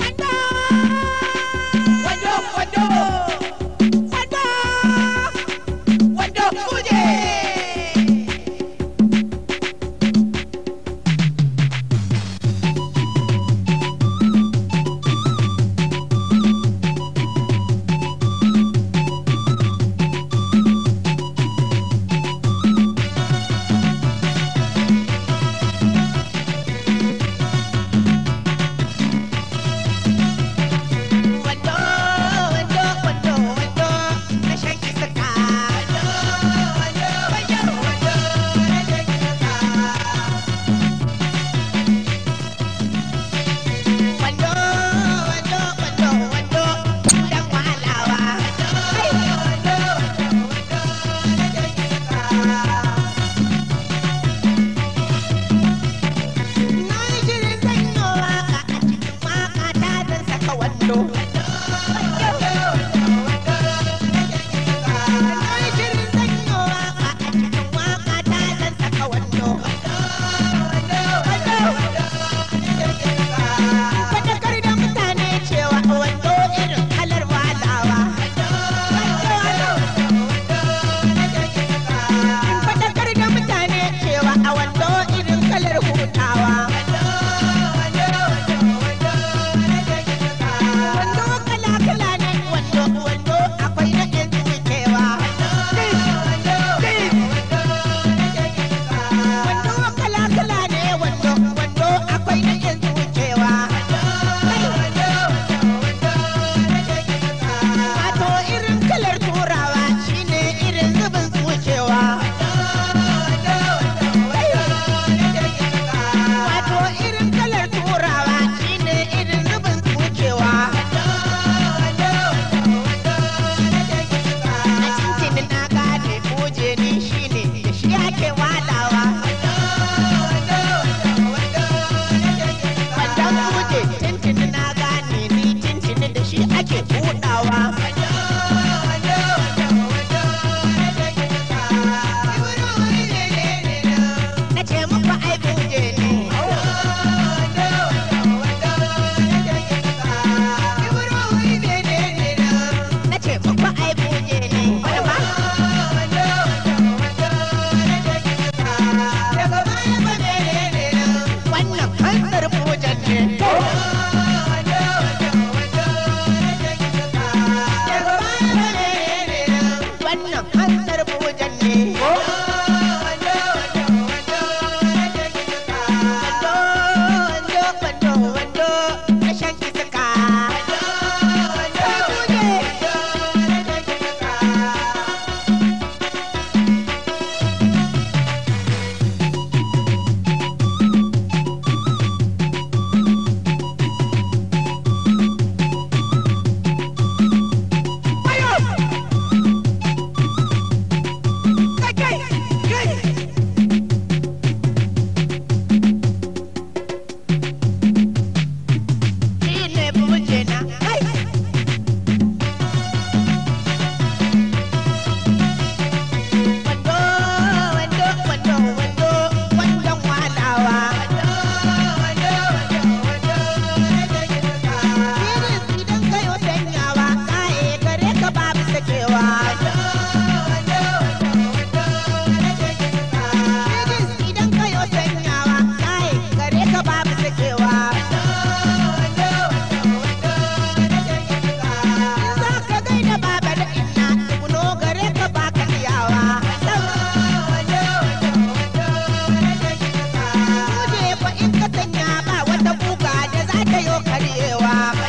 Anh ba Hey. arewa